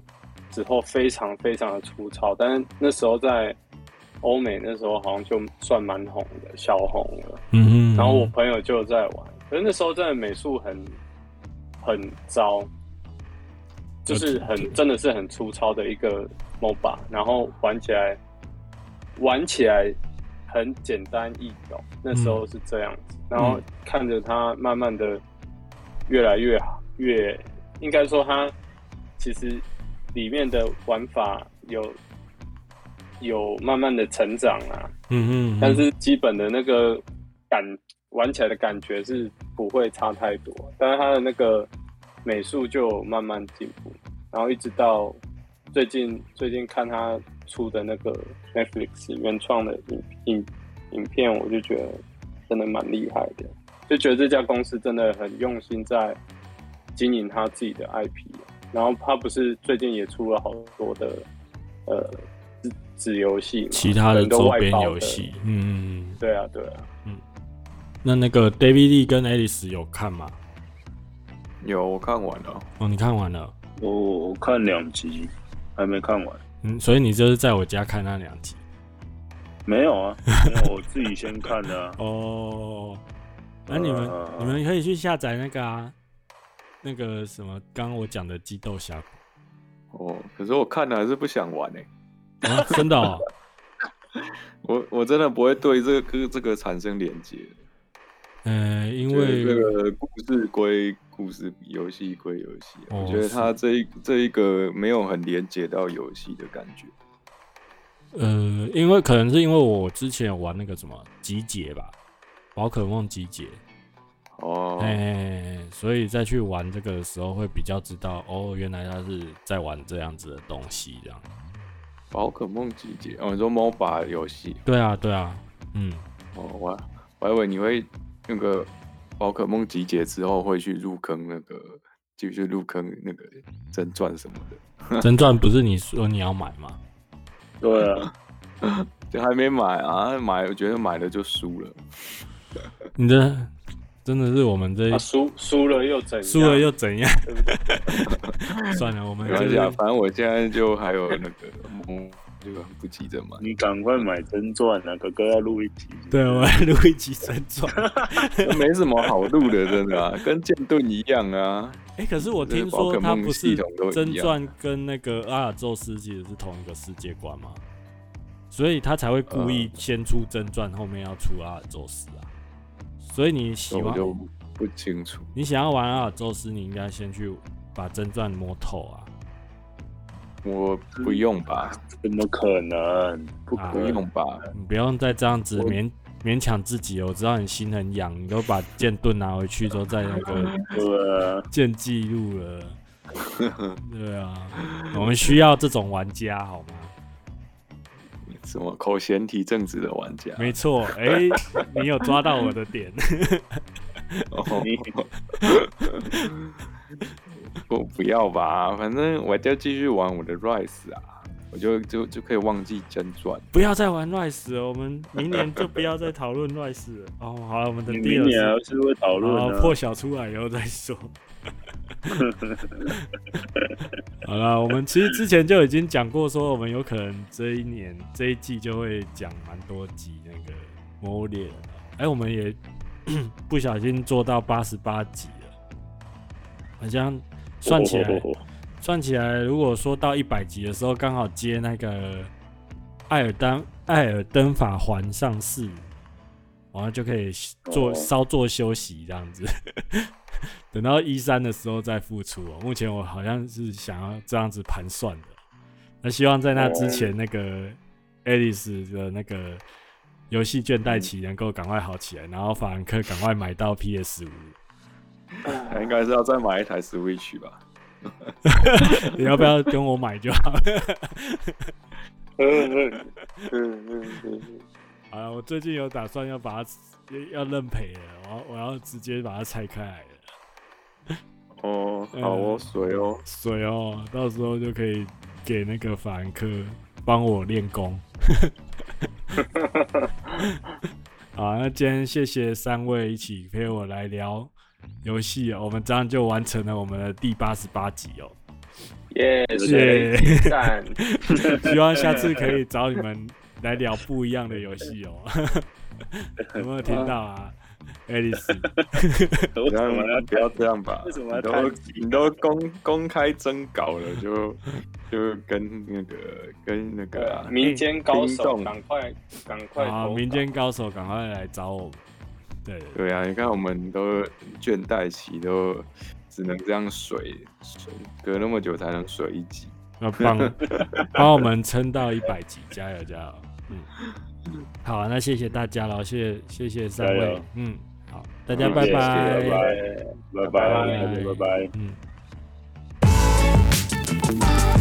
時候，非常非常的粗糙，但是那時候在歐美，那時候好像就算蠻紅的，小紅了，嗯哼嗯哼，然後我朋友就在玩，可是那時候真的美術很很糟，就是很就就真的是很粗糙的一個 MOBA，然後玩起來。玩起來很簡單易懂，那時候是這樣子，嗯、然後看着它慢慢的越來越好，越，應該說它其實裡面的玩法有有慢慢的成長啊，嗯哼嗯哼，但是基本的那個感，玩起來的感覺是不會差太多，但是它的那個美術就慢慢進步，然後一直到最近最近看它。出的那個 Netflix 原創的影影影片，我就覺得真的蠻厲害的，就覺得這家公司真的很用心在經營他自己的 IP。然後他不是最近也出了好多的呃子遊戲，其他的周邊遊戲，嗯嗯嗯，對啊對啊，嗯。那那個 David Lee 跟 Alice 有看嗎？有，我看完了。哦，你看完了？我我看兩集，嗯、還沒看完。嗯，所以你就是在我家看那兩集？沒有啊，沒有 我自己先看的啊。哦，那你們你們可以去下載那個啊，那個什麼剛剛我講的豆小《激鬥峽谷》。哦，可是我看了還是不想玩呢，欸啊。真的？哦， 我我真的不會對這個這個產生連接。嗯、欸，因為那個故事歸。故事比遊戲歸遊戲，啊哦、我覺得它這一這一個是沒有很連接到遊戲的感覺。呃，因為可能是因為我之前玩那個什麼集結吧，寶可夢集結。哦。哎、欸，所以再去玩這個的時候，會比較知道哦，原來他是在玩這樣子的東西這樣。寶可夢集結，我、哦、說 MOBA 遊戲。對啊，對啊。嗯。哦，我我以為你會那個。寶可夢集結之後會去入坑那個，繼續入坑那個真鑽什麼的。真 鑽不是你說你要買嗎？對啊了， 就還沒買啊！買我覺得買了就輸了。 你的真的是我們這輸輸了又怎輸了又怎樣？算了，我們、就是、沒關係啊。反正我現在就還有那個。 這個很不記得嗎？你趕快買真傳啊！哥哥要錄一集是不是？對我要錄一集真鑽 沒什麼好錄的，真的、啊、跟劍盾一樣啊。哎、欸，可是我聽說他不是真鑽跟那個阿爾宙斯其實是同一個世界觀嘛，所以他才會故意先出真鑽，後面要出阿爾宙斯啊。所以你喜歡都就不清楚，你想要玩阿爾宙斯，你應該先去把真鑽摸透啊。我不用吧？怎、嗯、麼可能？不不用吧、啊？你不用再這樣子勉勉強自己，我知道你心很癢，你都把劍盾拿回去之後再那個劍紀錄了。對啊，我們需要這種玩家好嗎？什麼口嫌體正直的玩家。沒錯，哎、欸，你有抓到我的點。 oh, 我不要吧，反正我就繼續玩我的 Rise 啊，我就就就可以忘記真傳。不要再玩 Rise 了，我們明年就不要再討論 Rise 了。哦，好、啊，我們的第明年還要是會討論、啊。好、啊，破曉出來以後再說。 好了、啊，我們其實之前就已經講過，說我們有可能這一年 這一季就會講蠻多集那個 m 臉。哎、欸，我們也 不小心做到八十八集了，好像。算起來，oh, oh, oh, oh. 算起來，如果說到一百級的時候，剛好接那個艾爾登艾爾登法環上市，然後就可以做稍作休息，這樣子，oh. 等到 E3 的時候再復出、喔。目前我好像是想要這樣子盤算的。那希望在那之前，那個愛麗絲的那個遊戲倦怠期，能夠趕快好起來，然後法蘭克趕快買到 PS 五。應該是要再買一台 Switch 吧？ 你要不要跟我買就好？嗯嗯嗯嗯嗯。啊，我最近有打算要把它要認賠了，我要我要直接把它拆開來了。哦，好哦，水哦，水哦，到時候就可以給那個凡客幫我練功。 好，那今天謝謝三位一起陪我來聊。遊戲，喔、我們這樣就完成了我們的第八十八集哦。耶，耶耶！希望下次可以找你們來聊不一樣的遊戲哦。有沒有聽到啊，愛麗絲？不要不要這樣吧你！你都你都公公開徵稿了就，就就跟那個跟那個、啊、民間高手，趕快趕快好啊！民間高手，趕快來找我們。對對，對，對啊，你看我們都倦怠期，都只能這樣水水，隔那麼久才能水一集。那幫幫幫 我們撐到一百集，加油加油！嗯，好啊，那謝謝大家了，謝謝，謝謝三位，油嗯，好，大家拜拜，拜拜，拜拜，拜拜。